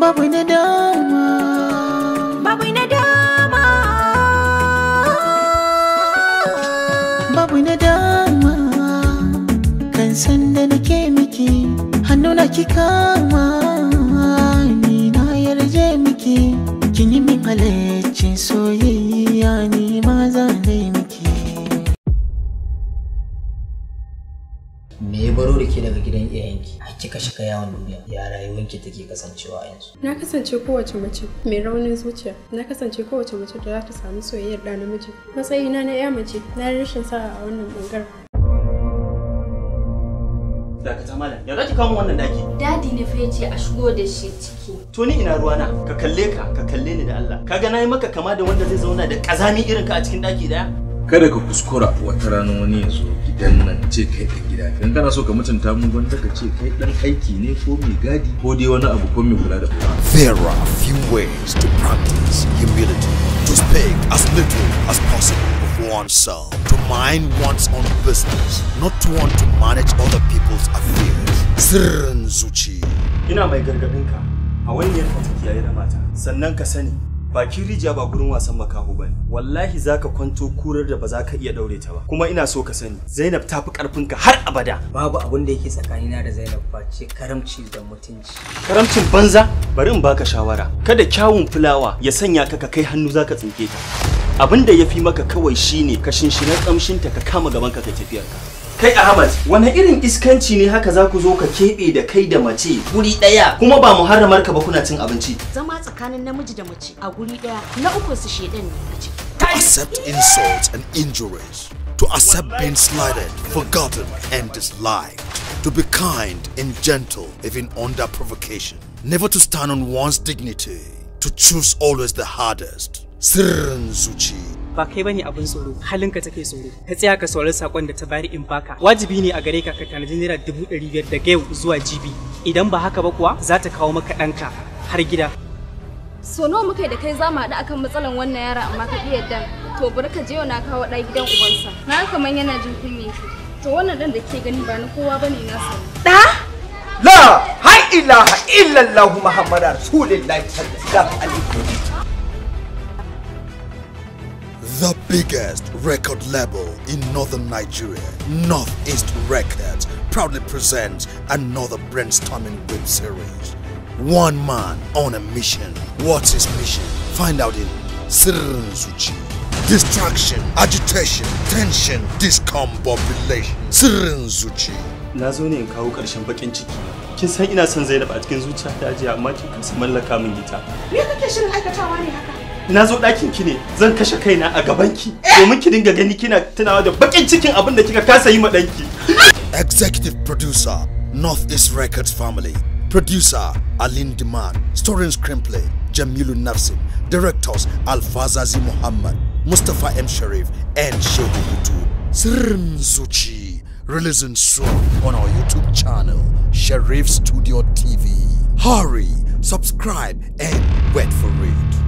babu dama babu dama babu dama kan san da nake miki hannuna ki kama ni na yarje miki kin yi min halaccin soyayya ni ma zan miki me ya baro da ke daga gidan iyayenki har kika shiga yawon duniya ya rayuwanki take kasancewa yanzu na kasance kowace mace mai raunin zuciya na kasance kowace mace da za ta samu soyayyar da namiji matsayina na ya mace na rashin sa'a a wannan bangaren dakata malam ya zaki kawo wannan daki dadi ne fa yace a shigo da shi ciki to ni ina ruwana ka kalle ka ka kalle ni da Allah kaga nayi maka kama da wanda zai zauna da kazami irin ka a cikin daki daya kada ka kuskura wata rana wani ya zo gidan nan ce kai dan gida idan kana so ka mutunta mu gwanda ka ce kai dan aiki ne ko mai gadi ko dai wani abu ko mai kula da kowa there are few ways to practice humility to speak as little as possible of oneself to mind one's own business not to want to manage other people's affairs sirrin zuci ina mai gargadin ka a wannan ka kiyaye da mata sannan ka sani kin rija ba gurin wasan makaho ba wallahi zaka kwanto kurar da ba za ka iya daure ta ba kuma ina so ka sani zainab ta fi ka har abada babu abin da yake tsakanina da zainab face karamci da mutunci karamcin banza bari in baka shawara kada kyawun fulawa ya sanya ka ka kai hannu zaka tsinke ta abin da yafi maka kawai shine ka shinshina ta ka kama gaban ka ka tafiyar ka kai ahmad wani irin iskanci ne haka za ku zo ka keɓe da kai da mace guri ɗaya kuma ba muharramar ka ba kuna cin abinci zama tsakanin namiji da mace a guri daya na uku su shedan ne a ciki To accept insults and injuries to accept being slighted forgotten and disliked to be kind and gentle even under provocation never to stand on one's dignity to choose always the hardest sirrin zuci. ba kai bane abin tsoro halinka take tsoro ka tsaya ka saurari sakon da ta bari in baka wajibi ne a gare ka ka tanadi naira dubu ɗari biyar daga yau zuwa jibi idan ba haka ba kuwa za ta kawo maka ɗanka har gida so nawa muka yi da kai za mu haɗu akan matsalan wannan yara amma ka iya yadda to bari ka je yau na kawo ɗaya gidan ubansa na kaman yana jin kunne to wannan ɗan da ke gani ba na kowa bane na sa ɗa la hai ilaha illallah muhammadu rasulullahi sallallahu alaihi wasallam The biggest record label in northern Nigeria, Northeast Records, proudly presents another brainstorming web series One man on a mission. What's his mission? Find out in Sirrin Suchi. Distraction, agitation, tension, discombobulation. Sirrin Suchi. Na zo ne in kawo karshen bakin ciki. Kin san ina son Zainab a cikin ta ajiya amma kin kasa mallaka min gita. Me kake shirin aikatawa ne haka? na zo ɗakin ki ne zan kashe kaina a gaban ki domin ki dinga gani kina tunawa da bakin cikin abin da kika kasa yi ma danki. Executive Producer North East Records Family Producer Alin Diman, Storing: Screenplay Jamilu Nafsi Directors Alfazazi Muhammad, Mustafa M. Sharif, and Shehu Hutu. Sirrin Zuchi, releasing soon on our YouTube channel, Sharif Studio TV. Hurry, subscribe, and wait for it.